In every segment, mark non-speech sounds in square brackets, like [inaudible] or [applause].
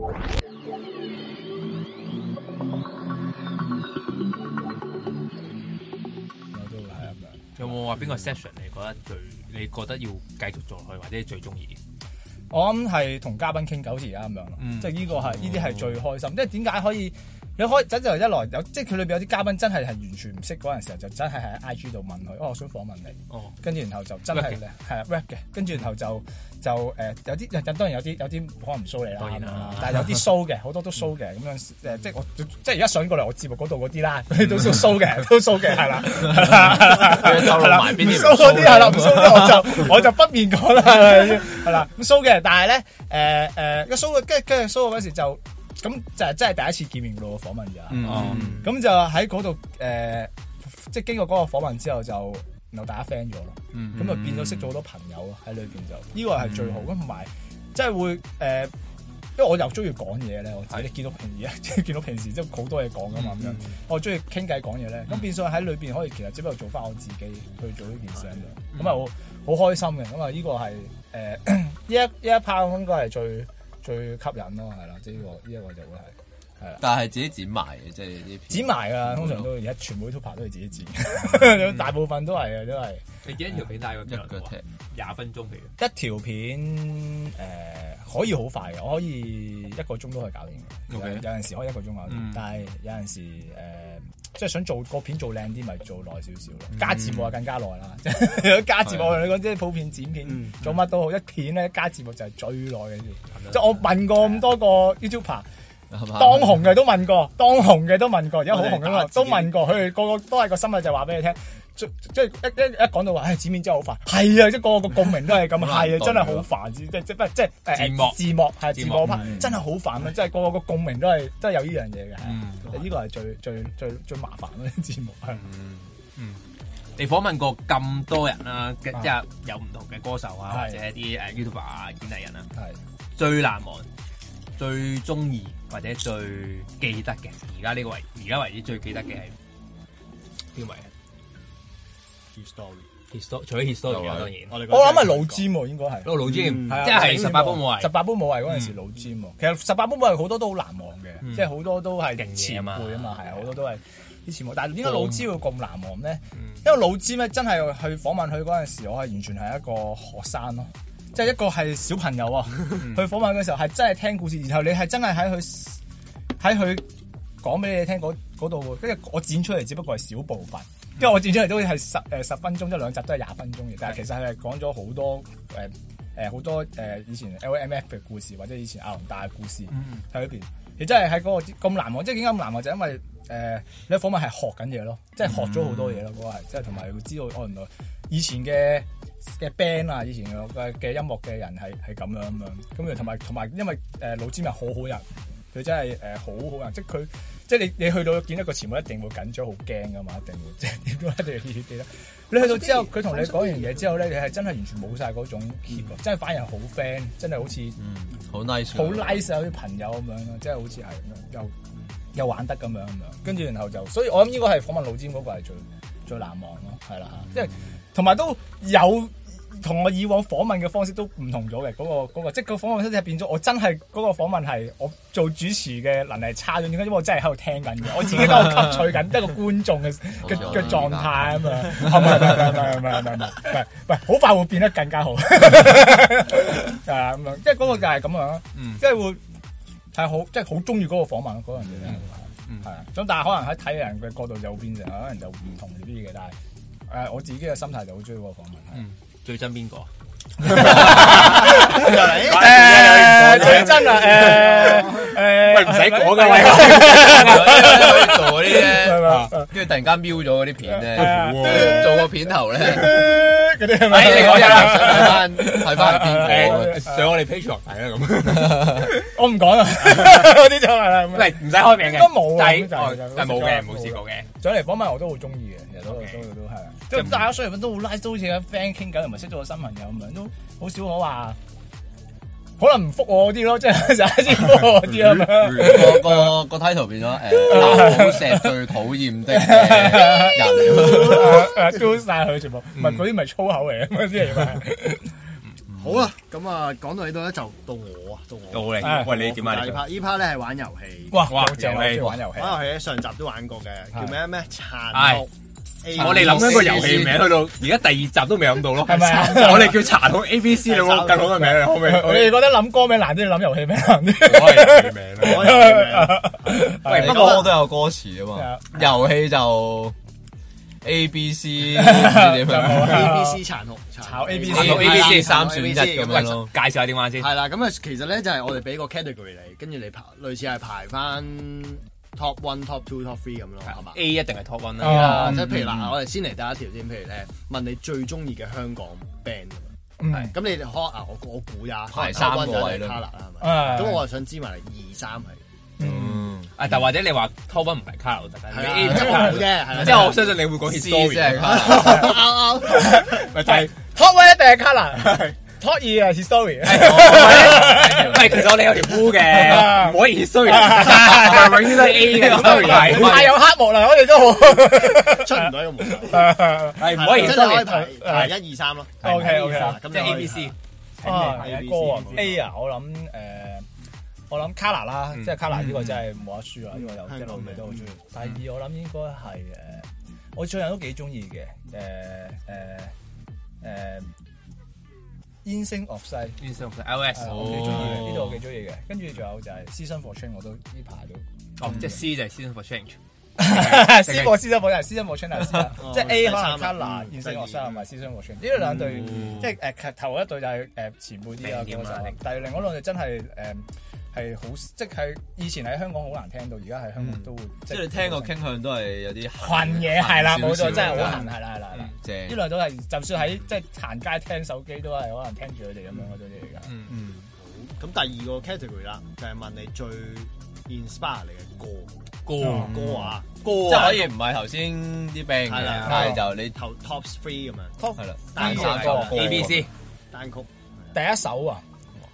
我都係咁樣，有冇話邊個 session 你覺得最你覺得要繼續做落去，或者是最中意？我諗係同嘉賓傾九先，而家咁樣咯、嗯。即係呢個係呢啲係最開心，即係點解可以？你可以真正由一來有，即係佢裏邊有啲嘉賓真係係完全唔識嗰陣時候，就真係喺 IG 度問佢，哦，我想訪問你。哦，跟住然後就真係係 rap 嘅，跟住然後就就誒有啲，當然有啲有啲可能唔 show 你啦，當然啦，但係有啲 show 嘅，好多都 show 嘅，咁、嗯、樣誒、呃，即係我即係而家上過嚟我節目嗰度嗰啲啦，都 show show 嘅、嗯，都 show 嘅，係 [laughs] 啦，收落埋邊啲？唔 [laughs] [laughs] show 啲係啦，唔 show 我就， [laughs] 我，就我就不便講啦，係啦，唔 show 嘅，但係咧誒誒，show 跟跟住 show 嗰時候就。咁就係真係第一次見面嘅咯訪問咋？咁、呃、就喺嗰度誒，即係經過嗰個訪問之後就，就然後大家 friend 咗咯。咁、mm-hmm. 啊變咗識咗好多朋友喺裏邊、mm-hmm. 就，呢個係最好。咁同埋即係會誒、呃，因為我又中意講嘢咧，我自己、mm-hmm. [laughs] 見到平時啊，即係見到平時即係好多嘢講噶嘛咁樣。我中意傾偈講嘢咧，咁變相喺裏邊可以其實只不過做翻我自己去做呢件事啊。咁啊好好開心嘅，咁啊呢個係誒呢一呢一 part 應該係最。.最吸引咯，係啦，呢、這個呢、這個就會係係啦，但係自己剪埋嘅，即係剪埋㗎，通常都而家、mm-hmm. 全部啲 top 都係自己剪，mm-hmm. [laughs] 大部分都係啊，mm-hmm. 都係。一條片大概幾耐？廿分鐘嚟嘅。一條片誒、呃、可以好快嘅，我可以一個鐘都可以搞掂嘅。Okay. 是有陣時可以一個鐘搞掂、嗯，但係有陣時誒，即、呃、係、就是、想做個片做靚啲，咪做耐少少咯。加字幕就更加耐啦。有、嗯、 [laughs] 加字幕、啊、你講即係普遍剪片、嗯、做乜都好，一片咧加字幕就係最耐嘅。即、嗯、係我問過咁多個 YouTuber，、嗯、當紅嘅都問過，當紅嘅都問過，有好紅嘅都問過，佢哋個個都係個心態就話俾你聽。即係一一一講到話，唉、哎，字面真係好煩。係啊，即係個個個共鳴都係咁，係啊，真係好煩。即係即係即係誒字幕係字幕真係好煩啊。即係個個個共鳴都係、啊，真係有呢樣嘢嘅。呢個係最最最最麻煩嗰啲字幕。嗯嗯，你訪問過咁多人啦、啊啊，即係有唔同嘅歌手啊，是啊或者啲誒 YouTuber 啊，演藝人啊，係、啊、最難忘、最中意或者最記得嘅，而家呢個位而家為止最記得嘅係邊位？history，history，除咗 history 當然，我諗係老詹喎，應該係。哦，老詹，即係十八般武藝。十八般武藝嗰陣時，老詹喎、嗯啊。其實十八般武藝好多都好難忘嘅、嗯，即係好多都係前輩啊嘛，係啊，好、啊、多都係啲前輩但係點解老詹會咁難忘咧、嗯？因為老詹咧真係去訪問佢嗰陣時，我係完全係一個學生咯，即、嗯、係、就係、一個係小朋友啊、嗯。去訪問嘅時候係、嗯、真係聽故事，然後你係真係喺佢喺佢講俾你聽嗰嗰度，跟住我剪出嚟，只不過係小部分。因為我轉出嚟都係十誒十分鐘，一兩集都係廿分鐘嘅，但係其實係講咗好多誒誒好多誒以前 L M F 嘅故事，或者以前阿倫大嘅故事喺裏邊。嗯、其實真係喺嗰個咁難忘，即係點解咁難忘？就、因為誒、呃、你訪問係學緊嘢咯，即係學咗好多嘢咯，嗰、嗯嗰個係即係同埋會知道我可能以前嘅嘅 band 啊，以前嘅嘅音樂嘅人係係咁樣咁樣，咁同埋同埋因為誒、呃、老詹又好好人，佢真係誒、呃、好好人，即係佢。即係你，你去到見一個前輩一定會緊張、好驚㗎嘛，一定即係點一定熱記得你去到之後，佢同你講完嘢之後咧，你係真係完全冇晒嗰種 heat、嗯、真係反而 fan，好 friend，真係好似好 nice，好 nice 啊啲朋友咁樣啊，即係好似係又又玩得咁樣咁樣跟住然後就，所以我諗應該係訪問老尖嗰個係最最難忘咯，係啦吓即係同埋都有。同我以往訪問嘅方式都唔同咗嘅，嗰、嗰個、嗰個即係、就是、個訪問方式變咗。我真係嗰個訪問係我做主持嘅能力差咗，點解？因為我真係喺度聽緊嘅，我自己都喺吸取緊一個觀眾嘅嘅狀態咁啊，唔係好快會變得更加好係啊，咁樣即係嗰個就係咁樣即係 [laughs] 是會係好即係好中意嗰個訪問嗰陣時係咁但係可能喺睇人嘅角度就變成可能就唔同啲嘅， [laughs] 但係誒、呃、我自己嘅心態就好中意嗰個訪問。最憎邊個？最憎 [laughs] 啊，啊，啊，啊，啊，啊，啊！喂，唔使講噶喂！是是是是是是，做嗰啲咧，跟住突然間瞄咗嗰啲片咧，做個片頭咧。是嗰啲係咪？你講嘢啦，睇翻睇翻邊個上我哋 page 度睇啦咁。我唔講啦，嗰啲就係啦。唔係唔使開名嘅，都冇啊，但係冇嘅，冇試過嘅。上嚟講埋我都好中意嘅，其實都都都都係。即係大家上嚟都好 like，都好似阿 friend 傾偈，同埋識咗個新朋友咁樣，都好少可話。可能唔覆我啲咯，即係就先覆我啲啦。個個個 title 變咗誒，男石最討厭的人，丟曬佢全部。唔係嗰啲，唔係粗口嚟嘅，嗰啲嚟嘅。好啦，咁啊，講到呢度咧，就到我啊，到我。到你，喂你點啊？呢 part 呢 part 咧係玩遊戲。哇哇，遊戲玩遊戲，玩遊戲喺上集都玩過嘅，叫咩咩殘酷。我哋諗一個遊戲名，去到而家第二集未哈哈都未諗到咯，係 [laughs] 咪？我哋叫《殘 [laughs] Sehee maintain-'n"」酷，哦、A, A, A, A B C、啊》咯。更好嘅名，可唔可以？marble 你哋覺得諗歌名難啲定諗遊戲名咩？我係起名，不過都有歌詞啊嘛。遊戲就 A B C 點點點，A B C 殘酷，炒 A B C，A B C 三選一咁樣咯。介紹下點玩先？係啦，咁啊，其實咧就係我哋俾個 category 你，跟住你排，類似係排翻。Top one, top two, top three 咁咯，係嘛？A 一定係 top one 啦、yeah, um,，即係譬如嗱，我哋先嚟第一條先，譬如咧問你最中意嘅香港 band，係、mm. 咁你哋 a 啊，我我估呀，能三個位咯，Kolor 啦，咁我就想知埋二三係，嗯，啊但或者你話 top one 唔係 Kolor 啦，你 color, A 唔好嘅，即係我相信你會講 His Story 啱啱，咪就係 top one 一定係 Kolor 托二啊，history。喂，其實我哋有條烏嘅，唔可以輸。永遠都係 A 嘅 history，太有黑幕啦！我哋都出唔到一個模式，係唔可以輸。係一二三咯，OK OK，咁即係 A B C。係啊，A 啊，我諗誒，我諗 color 啦，即係 color 呢個真係冇得輸啦！呢個有啲老嘢都好中意。第二我諗應該係誒，我最近都幾中意嘅誒誒誒。煙聲擴散，煙聲擴散，iOS 我幾中意嘅，呢、oh. 度我幾中意嘅。跟住仲有就係 Season for Change，我都呢排都哦、oh, mm. [laughs] Yeah, [laughs] 即係 C 就係 Season for Change，私播私心播就係 Season for Change，即係 A 可能卡拿煙聲擴散，唔係 Season for Change，呢兩隊即係誒頭一隊就係誒前輩啲啊，但係另外兩隊真係誒係好，即、嗯、係、就是、以前喺香港好難聽到，而家喺香港都會，嗯、即係你聽個傾向都係有啲混嘢，係啦，冇錯，真係好混，係啦，係啦，係啦。呢兩種係就算喺即係行街聽手機都係可能聽住佢哋咁樣嗰種嘢㗎。嗯嗯。咁、嗯、第二個 category 啦，就係問你最 inspire 你嘅歌歌、嗯、歌啊歌，即係可以唔係頭先啲 band 嘅，但係就你 top top three 咁樣。係、哦、啦。單曲，單曲，單曲 A B C。單曲。第一首啊。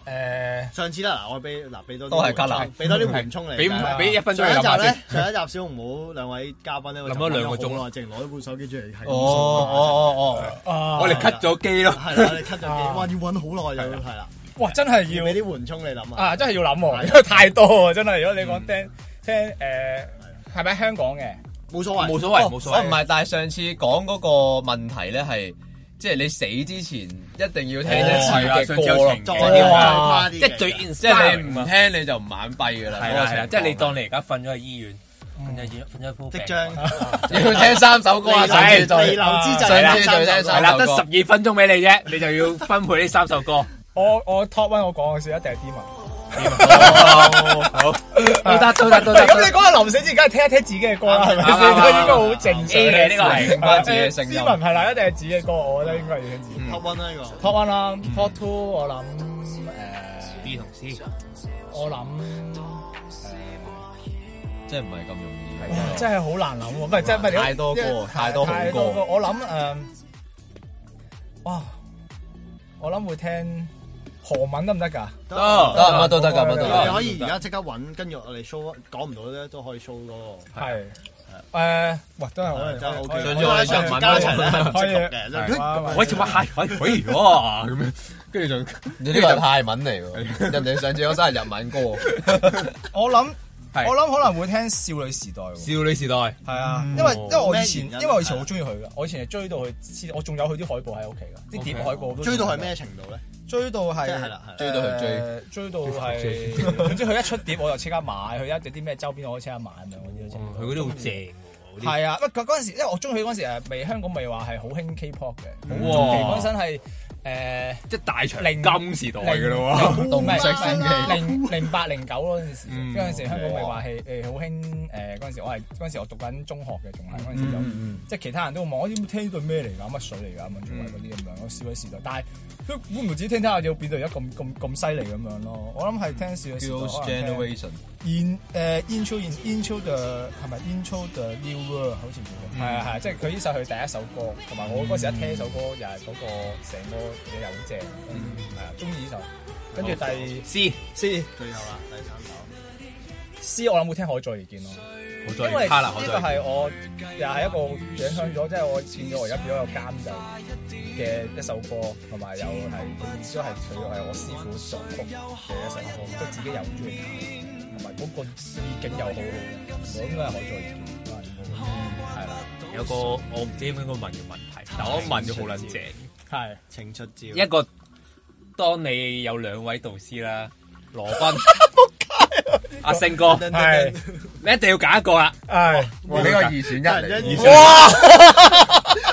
誒，上次啦，嗱，我俾嗱俾多都係加俾多啲緩衝嚟，俾俾一分鐘上一集咧，上一集小紅帽兩 [laughs] 位嘉賓咧，諗咗兩個鐘咯，淨攞咗部手機出嚟係。哦哦哦哦，啊啊、我哋 cut 咗機咯，係啦、啊，你 cut 咗機，哇，要搵好耐嘅。係啦，哇，真係要俾啲緩衝嚟諗啊，真係要諗喎，因為太多喎。真係。如果你講聽聽誒，係咪香港嘅？冇所謂，冇所謂，冇所謂。唔係，但係上次講嗰個問題咧，係。即係你死之前一定要聽啲刺激歌咯，即係最 instant，即係你唔聽你就唔眼閉噶啦，係啦係啦，即係你當你而家瞓咗喺醫院，瞓咗醫院，瞓咗一鋪病，即將要聽三首歌啊，未留之疾有三首，係啦，得十二分鐘俾你啫，你就要分配呢三首歌。我我 top one 我講嘅先，一定啲文。好，得，都得，都到。咁你講下臨死之而家係聽一聽自己嘅歌啦，係咪？應該好正常嘅呢個係。聽自己嘅歌。文係啦，一定係自己嘅歌，我覺得應該係聽自己。Top one 呢 Top one 啦，Top two 我諗誒，B 同 C，我諗，即係唔係咁容易。真係好難諗，唔真係太多歌，太多好歌。我諗誒，哇，我諗會聽。韓文得唔得噶？得得乜都得噶，乜都得。你可以而家即刻揾，跟住我哋 show，講唔到咧都可以 show 咯。係誒，真係我哋真係好勁。上次問乜陳，可以誒，哇！喂，做乜？係喂，喂，哇！咁樣，跟住就你呢個係泰文嚟噶？人哋上次我收係日文歌。我諗我諗可能會聽少女時代。少女時代係啊，因為因為我以前、啊，因為我以前好中意佢噶，我以前係追到佢，我仲有佢啲海報喺屋企噶，啲碟海報都追到係咩程度咧？追到係，追到係追追到係，總之佢一出碟我就即刻買，佢 [laughs] 一啲咩周邊我都即刻買，咁樣啲佢嗰啲好正喎，係啊！不過嗰時，因為我中意佢嗰陣時未香港，未話係好興 K-pop 嘅，未話係好興 K-pop 嘅。哇！本身係誒，即係大長今時代嘅咯喎，零零八零九嗰陣時候，嗰、嗯、時香港未話係誒好興誒嗰陣時，我係嗰陣時我讀緊中學嘅，仲係嗰時即其他人都望我點聽呢對咩嚟㗎？乜水嚟㗎？咁啊，嗰啲咁樣嗰少女時代，但係都估唔知聽聽聽下要變到而家咁咁咁犀利咁樣咯，我諗係聽少嘅時候，而誒 in,、uh, Into in, Into The 係咪 Into The New World 好似叫，係啊係，即係佢呢首係第一首歌，同埋我嗰時一聽首歌又係嗰個成個嘢又好正，係啊中意呢首，跟住第四四最後啦第三首。師，我諗會聽海再遇見咯，因為呢個係我又係一個影響咗，即係、就是、我變咗我而家變咗個監製嘅一首歌，同埋又係都係除咗係我師傅作曲嘅一首歌，即係自己又中意聽，同埋嗰個意境又好，我應該係海再見。係、嗯、啦，有個我唔知應唔應該問嘅問題，但我問咗好撚正，係，請出招。一個當你有兩位導師啦，羅賓。阿勝哥，係你一定要揀一個啊！係呢個二選一嚟，哇！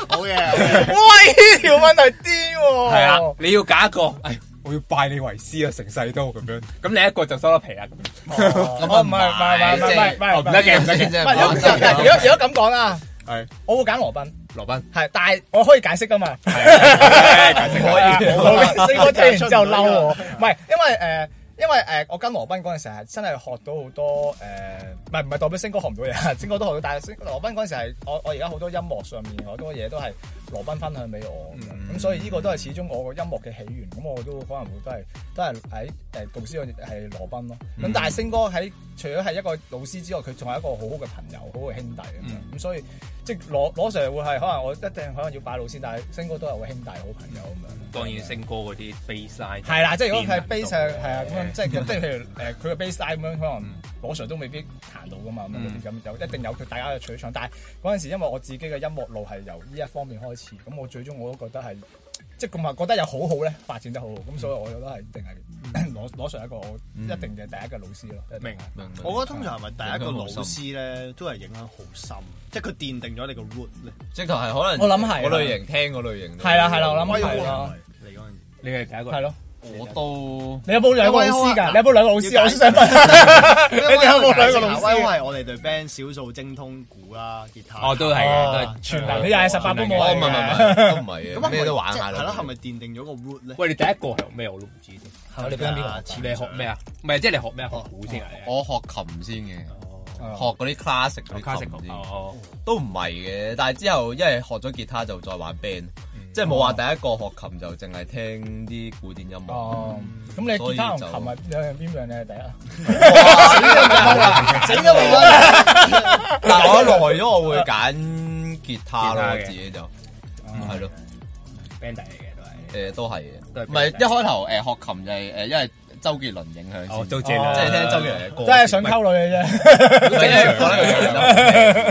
好嘢，哇！呢條問題癲喎！係啊，你要揀一個，哎，我要拜你為師啊，成世都咁樣。咁你一個就收得皮啊！我唔係唔係唔係唔係唔係唔得嘅，唔使錢啫。如果如果咁講啊，係我會揀羅賓，羅賓係，但係我可以解釋噶嘛。解釋可以，勝哥聽完之後嬲我，唔係因為誒。因為誒、呃、我跟羅賓嗰陣時，係真係學到好多誒，唔係唔係代表星哥學唔到嘢，星哥都學到，但係星羅賓嗰陣時係我我而家好多音樂上面好多嘢都係羅賓分享俾我嘅。咁、嗯嗯、所以呢個都係始終我個音樂嘅起源，咁我都可能會都係都係喺誒導師係羅賓咯，咁、嗯、但係星哥喺除咗係一個老師之外，佢仲係一個好好嘅朋友，好嘅兄弟咁樣，咁、嗯嗯、所以即係攞上嚟會係可能我一定可能要拜老師，但係星哥都係我兄弟好朋友咁樣、嗯。當然、嗯、星哥嗰啲 base line 係啦，即係如果係 base 係啊。 [laughs] 即係即係譬如誒，佢嘅 base element 可能攞上都未必彈到噶嘛，咁咁有一定有佢大家嘅取長、嗯，但係嗰陣時因為我自己嘅音樂路係由呢一方面開始，咁我最終我都覺得係即係咁啊覺得有好好咧，發展得好好，咁所以我都係一定係攞攞上一個我一定嘅第一個老師咯。嗯、明，我覺得通常係咪第一個老師咧都係影響好深，深，即係佢奠定咗你個 root 咧。即係係可能我諗係個類型聽個類型。係啦係啦，啦，啦，我諗可以。你嗰陣你係第一個。係咯。我都，你有冇兩個老師噶？你有冇兩個老師，我個老師，我想問， [laughs] 你有冇兩個老師。因為我哋對 band 少數精通鼓啦、啊，吉他。哦、啊，都係，都係全能。你又係十八般冇？唔唔都唔係嘅。咁 [laughs] 你都玩下啦，係、就、咯、是，係咪奠定咗個 root 咧？喂，你第一個係咩我都唔知添。 [laughs] 你邊 [laughs] [laughs] 學，什、 [laughs] 就是、學， [laughs] 學？似你學咩啊？唔係，即係你學咩學好先，我學琴先嘅、哦，學嗰啲 classic 嗰啲。哦哦，都唔係嘅，但係之後因為學咗吉他就再玩 band。即係冇話第一個學琴就淨係聽啲古典音樂。哦，咁你吉他同琴物兩邊邊樣你係第一？死啦！ [laughs] 這是 [laughs] 得我 [laughs] 但我耐咗 [laughs] 我會揀吉他咯，我自己就係咯，band 嚟嘅。誒、嗯，都係嘅。唔、欸、係一開頭學琴就係、誒、因為。周杰倫影響，即係聽周杰倫嘅歌，即係想溝女嘅啫，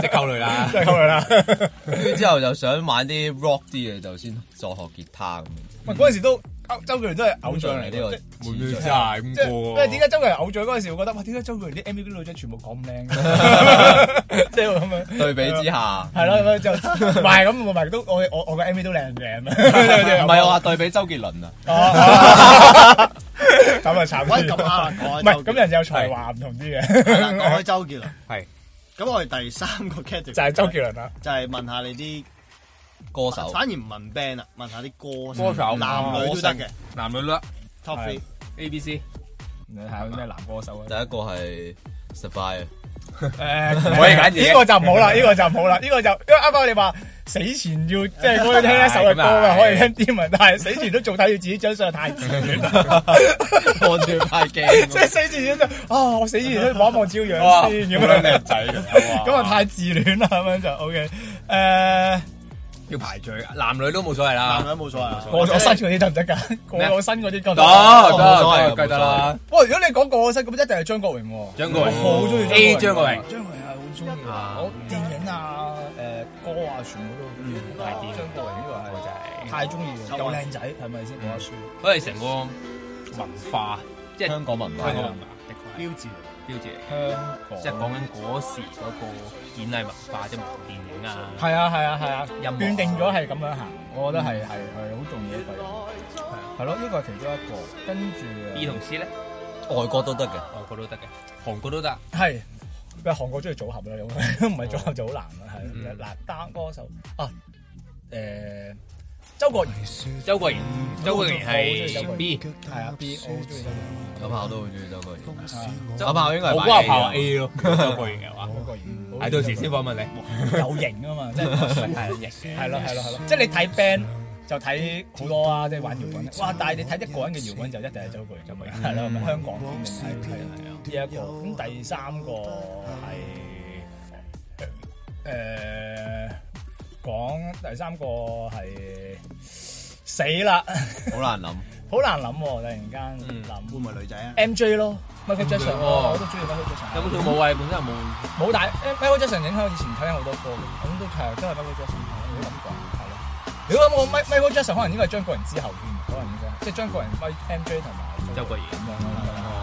即係溝女啦，溝女啦。之後就想玩啲 rock 啲嘅，就先再學吉他咁。唔係嗰陣時都周杰倫都係偶像嚟，呢個，即係點解周杰倫偶像嗰陣時，我覺得哇，點解周杰倫啲 MV 啲女仔全部咁靚？即係咁樣對比之下，係咯，就唔係咁，唔係都我我我個 MV 都靚靚啊？唔係我話對比周杰倫啊。咁啊慘！唔係咁人有才華唔同啲嘅。講開周杰倫，咁我哋第三個 category，就係周杰倫啦。就係問，問下你啲歌、啊、歌，歌手，反而唔問 band 啦，問下啲歌歌手，男女都得嘅，男女啦。Top A B C，睇下咩男歌手。第一個係 Sapphire、欸。誒， [laughs] 可以揀嘢，呢、呢個就唔好啦，呢、呢個就唔好啦，呢、呢個就因為啱啱我哋話。死前要即係可以聽一首嘅歌嘅，可以聽啲文，但係死前都做睇住自己張相太自戀啦，望住太驚，即係死前啊，我死前都望一望朝樣先咁樣靚仔，咁啊太自戀啦咁樣就 OK，誒要排序男女都冇所謂啦，男女冇所謂，過咗身嗰啲得唔得噶？過咗身嗰啲得唔得？得得，唔記得啦。喂，如果你講過咗身，咁一定係張國榮喎，張國榮好中意張國榮，張國榮係好中意啊，電影啊。歌啊全，全部都太掂，張國榮呢個係太中意，又靚仔，係咪先？黃家駒，因、嗯、成個文化，係香港即係文化個標誌，標誌嚟，即係講緊嗰時嗰個演藝文化，即係電影啊，係啊，係啊，係啊，斷、啊啊、定咗係咁樣行，我覺得係係係好重要嘅，係咯，呢個係其中一個，跟住，而同時咧，外國都得嘅，外國都得嘅，韓國都得，係。咩？韓國中意組合啦，又唔係組合就好難啦，係啦。嗱，單歌手啊，誒，周國賢，周國賢，周國賢係 B，係啊 B，我中意周國賢。周柏都好中意周國賢，周柏應該係 A 咯。周國賢嘅話，周國賢。係到時先訪問你。有型啊嘛，即係確實太型。係咯係咯係咯，即係你睇 band 就睇好多啊，即係玩搖滾。哇！但係你睇一個人嘅搖滾就一定係周國賢，周國賢係咯，香港嘅係係啊。呢一個咁，第三個係誒，講第三個係，死啦！好難諗，好難諗喎、哦！突然間男嘅、嗯、會唔會女仔、嗯、啊？MJ 囉 Michael Jackson。我都中意 Michael Jackson 有冇。咁都冇喎，本身冇冇大 Michael Jackson 影響我，以前睇好多歌，咁都係都係 Michael Jackson、嗯。我咁講係咯。如果冇 Michael Jackson 可能應該係張國榮之後嘅人，可能咁樣，即係張國榮、MJ 同埋周國賢咁樣咯。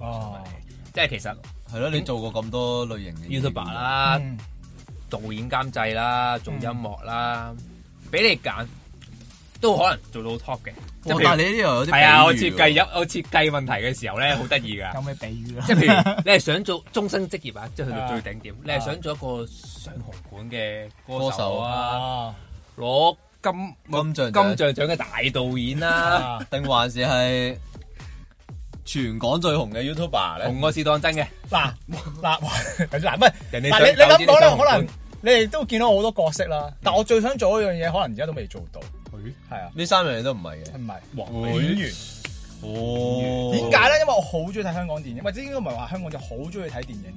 哦，即係其實係咯，你做過咁多類型嘅 YouTuber 啦，導演監製啦，做音樂啦，俾你揀都可能做到 top 嘅。哦，但係你呢度有啲係啊，我設計有我設計問題嘅時候咧，好得意噶。有咩比喻啊？即係譬如你係想做終身職業啊，即係去到最頂點？你係想做一個上紅館嘅歌手啊，攞金金像金像獎嘅大導演啦，定還是係？全港最紅嘅 YouTuber 咧，紅我係當真嘅。 [laughs] 嗱嗱嗱，唔係，嗱 [laughs] 你你諗講咧，可能你哋都見到好多角色啦。嗯、但我最想做一樣嘢，可能而家都未做到。係、嗯、啊，是是是，呢三樣嘢都唔係嘅，唔係演員。哦，演員，點解咧？因為我好中意睇香港電影，或者應該唔係話香港就好中意睇電影，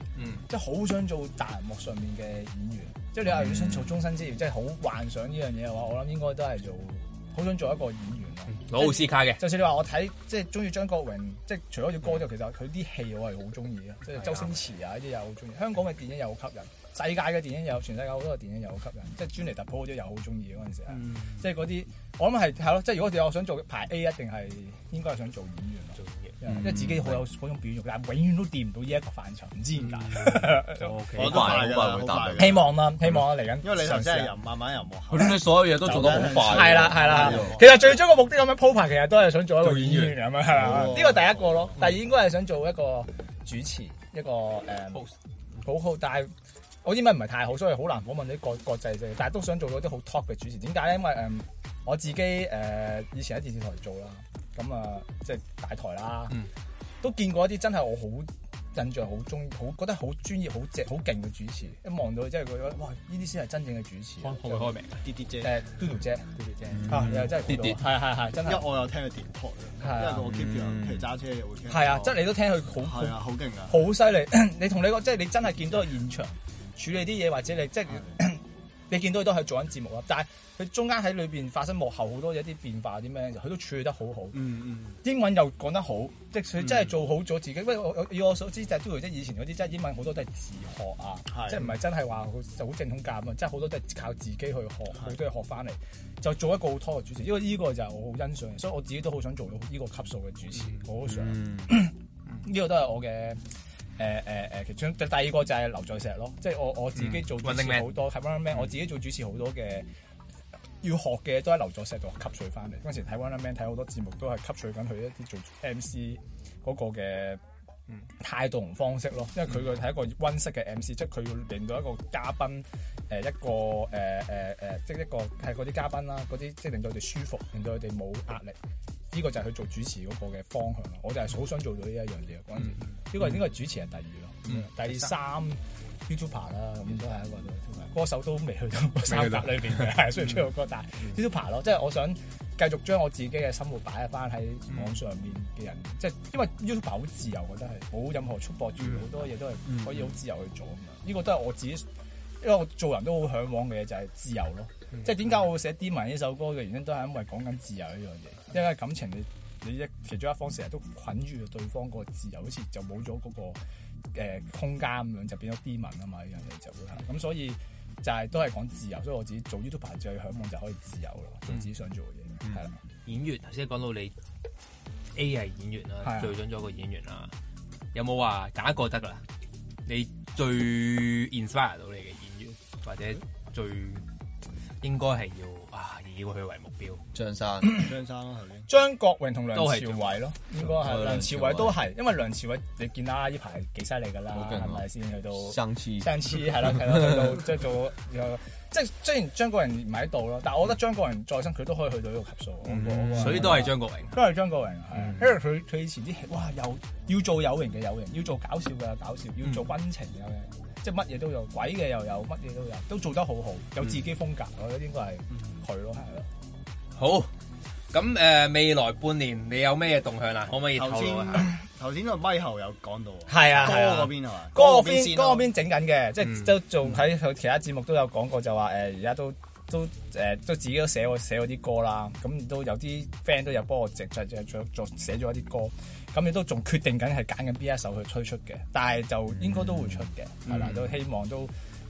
即係好想做大銀幕上面嘅演員。即係你話如果想做終身職業，即係好幻想呢樣嘢嘅話，我諗應該都係做。好想做一個演員啊，攞奧斯卡嘅，就算你話我睇即係中意張國榮，即係除咗啲歌之外，嗯，其實佢啲戲我係好中意嘅，即係周星馳啊，啲又好中意，香港嘅電影又好吸引。世界嘅電影有，全世界好多嘅電影有好吸引。即係專嚟突破嗰啲又好中意嗰陣時啊、嗯，即係嗰啲我諗係係咯。即係如果我我想做排 A，一定係應該係想做演員做嘅，yeah, 嗯、因為自己好有嗰種表演、嗯、但永遠都掂唔到呢一個範疇，唔、嗯、知點解。O K，希望啦，希望啊嚟緊，因為你頭先係慢慢又嘛，咁你、啊、所有嘢都做得好快係啦係啦。其實最終嘅目的咁樣鋪排，其實都係想做一個演員咁樣。呢個第一個咯，第二應該係想做一個主持，一個誒，好好帶。我英文唔係太好，所以好難訪問啲國國際啫，但係都想做到啲好 top 嘅主持。點解咧？因為誒、嗯、我自己誒、呃、以前喺電視台做啦，咁、嗯、啊即係大台啦、嗯，都見過一啲真係我好印象好中意、好覺得好專業、好好勁嘅主持。一望到你真係覺得哇！呢啲先係真正嘅主持。開名、欸 mm. mm. 嗯嗯、啊！Do Do 姐，誒 Do Do 姐，又真係 Do Do，係真係。因為我有聽佢電台、啊，因為我 keep 住有揸、嗯、車又會聽。係啊，即、嗯、係你都聽佢好，係、嗯、啊，好勁㗎，好犀利！ [laughs] 你同你講，即、就、係、是、你真係見到個現場。 [laughs] 處理啲嘢或者你即係 [coughs] 你見到佢都係做緊節目啦，但係佢中間喺裏面發生幕後好多一啲變化啲咩，佢都處理得好好。嗯嗯，英文又講得好，嗯、即係佢真係做好咗自己。喂，以我所知就都即係以前嗰啲即係英文好多都係自學啊，即係唔係真係話就好正統教啊，即係好多都係靠自己去學，好多嘢學翻嚟。就做一個好拖嘅主持，因為呢個就係我好欣賞，所以我自己都好想做到呢個級數嘅主持，嗯、我好想。呢、嗯 [coughs] 這個都係我嘅。誒誒誒，其中第二個就係劉在石咯，即我我自己做主持好多、嗯、Man，我自己做主持好多嘅、嗯、要學嘅都喺劉在石度吸取翻嚟。嗰陣時睇 Running Man 睇好多節目，都係吸取緊佢一啲做 MC 嗰個嘅態度同方式咯。因為佢個係一個溫室嘅 MC，嗯、即佢要令到一個嘉賓，一個、呃呃、即係一個係嗰啲嘉賓啦，嗰啲即令到佢哋舒服，令到佢哋冇壓力。呢、這個就係去做主持嗰個嘅方向，我就係好想做到呢一樣嘢。嗰、嗯、陣，呢、這個應該、嗯這個、主持係第二咯、嗯，第三 YouTuber 啦，咁都係一個、嗯。歌手都未去到三甲裏邊嘅，雖然 [laughs] 出過歌，但 YouTuber 咯，即 [laughs] 係我想繼續將我自己嘅生活擺翻喺網上面嘅人，即、嗯、係、就是、因為 YouTuber 好自由，覺得係冇任何束縛住，好多嘢都係可以好自由去做啊嘛。呢、嗯這個都係我自己，因為我做人都好向往嘅嘢就係、是、自由咯。嗯、即係點解我會寫《Demon》呢首歌嘅原因，都係因為講緊自由呢樣嘢。因為感情你你一其中一方成日都捆住對方嗰個自由，好似就冇咗嗰個、呃、空間咁樣，就變咗 Demon 啊嘛，呢樣嘢就會、係、咁。所以就係、係、都係講自由，所以我自己做 YouTuber 最向往就可以自由咯，做、嗯、自己想做嘅嘢。係、嗯、啦，演員頭先講到你 A 係演員啊，對準咗個演員啊，有冇話揀一個得㗎啦？你最 inspire 到你嘅演員，或者最？嗯。應該係要啊，以佢為，為目標。張生， [coughs] 張生咯，後張國榮同梁朝偉咯，應該係梁朝偉都係，因為梁朝偉，梁朝偉你見啦呢排幾犀利㗎啦，係咪先去到生次？生次，係啦係啦，去到即係做即係 [laughs] 雖然張國榮唔喺度咯，但係我覺得張國榮再生佢都可以去到呢個級數、嗯。所以都係張國榮，都係張國榮，因為佢佢以前啲戲哇要做有型嘅有型，要做搞笑嘅搞笑，嗯、要做溫情嘅。即係乜嘢都有，鬼嘅又有，乜嘢都有，都做得好好，有自己風格我覺得、嗯、應該係佢咯，係、嗯、咯。好，咁誒未來半年你有咩動向啊？可唔可以頭先頭先個咪喉有講到啊？係啊，歌嗰邊係嘛？歌邊嗰邊整緊嘅，即係都仲喺佢其他節目都有講過，嗯、就話誒而家都都誒、呃、都自己都寫我寫啲歌啦，咁都有啲 friend 都有幫我直著著著寫咗一啲歌。咁你都仲決定緊係揀緊邊一首去推出嘅，但係就應該都會出嘅，係、嗯、啦、嗯，都希望都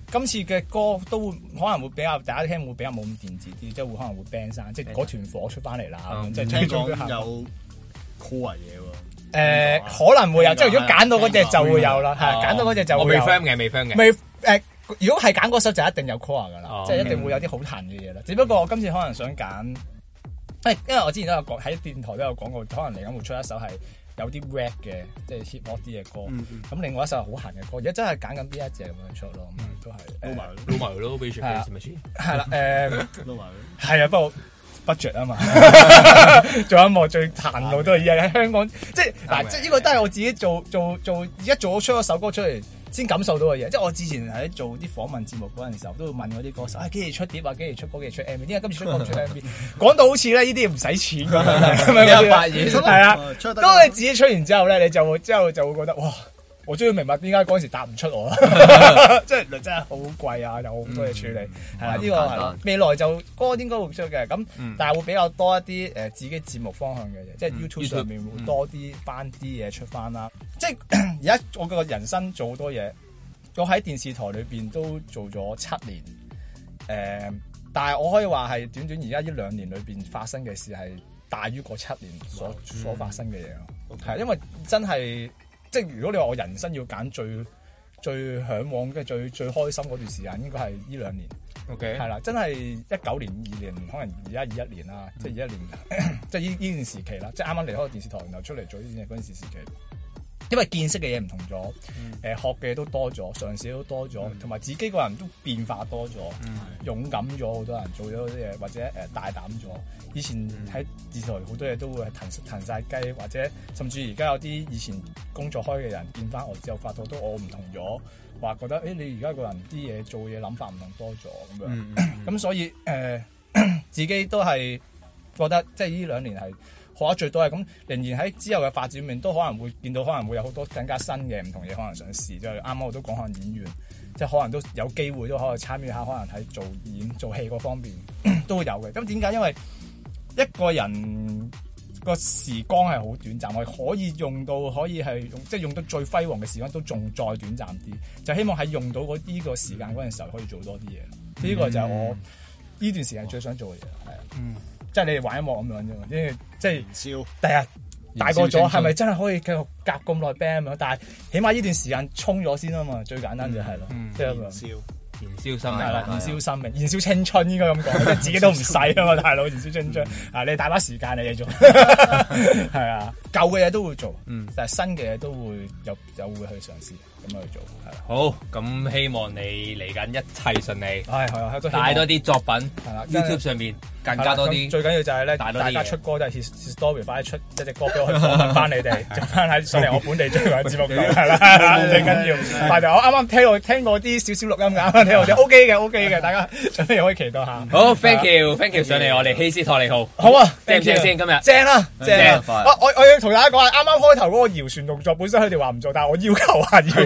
今次嘅歌都可能會比較大家聽會比較冇咁電子啲，即係會可能會 band 聲，即係嗰團火出翻嚟啦，即係聽講有 core 嘢、呃、喎。可能會有，即係如果揀到嗰隻就會有啦，揀到嗰隻就，會有、哦、就會有我未 firm 嘅，未 firm 嘅，未如果係揀嗰首就一定有 core 噶啦、哦，即係一定會有啲好彈嘅嘢啦。只不過我今次可能想揀、嗯，因為我之前都有講喺電台都有講過，可能嚟緊會出一首係，有啲 rap 嘅，即係 hip hop 啲嘅歌，咁、嗯嗯、另外一首好閒嘅歌，而家真係揀緊呢一隻咁樣出咯，咁、嗯、都係撈埋撈埋咯，撈埋咯係咪先？係啦，誒撈埋佢。係啊，啊，、嗯、啊，不過 budget 啊嘛， [laughs] [laughs] 做音樂最殘酷都係而家喺香港， [laughs] 即係嗱、啊，即係呢、啊這個都係我自己做做做，而家做咗出一首歌出嚟。先感受到嘅嘢，即係我之前喺做啲訪問節目嗰陣時候，都會問嗰啲歌手，唉、啊，幾時出碟啊？幾時出歌？幾時出 MV？點解今次出歌唔出 MV？ [laughs] 講到好似咧，呢啲嘢唔使錢，咁樣發現係啊。當你自己出完之後咧，你就會之後就會覺得哇！我終於明白，點解嗰陣時答唔出我？即係真係好貴啊，有好多嘢處理。係、嗯、啊，呢、嗯這個係未來就歌、那個應該會出嘅。咁、嗯、但係會比較多一啲誒、呃、自己節目方向嘅嘢，即係 YouTube 上、嗯、面會多啲、嗯、翻啲嘢出翻啦。即係而家我個人生做好多嘢，我喺電視台裏邊都做咗七年。誒、呃，但係我可以話係短短而家呢兩年裏邊發生嘅事係大於過七年所、嗯、所發生嘅嘢。係啊，因為真係。即係如果你話我人生要揀最最嚮往嘅最最開心嗰段時間，應該係呢兩年。OK，係啦，真係一九年、二年，可能而家二一年啦、嗯，即係二一年，即係呢呢段時期啦，即係啱啱離開個電視台，然後出嚟做呢件嘢嗰陣時時期。因為見識嘅嘢唔同咗，誒、嗯呃、學嘅嘢都多咗，嘗試都多咗，同、嗯、埋自己個人都變化多咗、嗯，勇敢咗，好多人做咗啲嘢或者誒大膽咗。以前喺電視台好多嘢都會係騰騰晒雞，或者甚至而家有啲以前工作開嘅人變翻我之後發，發覺都我唔同咗，話覺得誒、欸、你而家個人啲嘢做嘢諗法唔同多咗咁樣，咁、嗯嗯、所以誒、呃、自己都係覺得即係呢兩年係。學得最多係咁，仍然喺之後嘅發展面都可能會見到，可能會有好多更加新嘅唔同嘢可能想試。即係啱啱我都講下演員，即係可能都有機會都可以參與下，可能喺做演做戲嗰方面都會有嘅。咁點解？因為一個人個時光係好短暫，我可以用到可以係即係用到最輝煌嘅時光，都仲再短暫啲。就希望喺用到嗰啲個時間嗰陣時候，可以做多啲嘢。嗯，呢個就係我呢段時間最想做嘅嘢，係啊。即係你哋玩一幕咁樣啫嘛，因為即係第日大個咗，係咪真係可以繼續夾咁耐 band 啊？但係起碼呢段時間衝咗先啊嘛，最簡單就係咯，即係燃燒、燃燒生命，啦，燃燒生命、燃燒， [laughs] 燒青春，應該咁講，自己都唔細啊嘛，大佬，燃燒青春啊！你大把時間嚟做，係啊，舊嘅嘢都會做，嗯、但係新嘅嘢都會有有會去嘗試。咁樣去做，好，咁希望你嚟緊一切順利，係、哎、啊，帶多啲作品啦，YouTube 上面更加多啲，最緊要就係、是、咧，大家出歌都係 story 快啲出一隻歌俾我去，翻你哋，咁翻喺上嚟我本地最緊要嘅節目係啦， [laughs] [laughs] [laughs] 最緊重要，但 [laughs] 係我啱啱聽我聽過啲少少錄音噶，剛剛聽我啲 [laughs] OK 嘅 OK 嘅，大家準備可以期待下。好、啊、，thank you，thank you，上嚟我哋希斯托利號好，好啊，正唔正先今日？正啦，正。我我我要同大家講係啱啱開頭嗰個搖船動作，本身佢哋話唔做，但係我要求話要。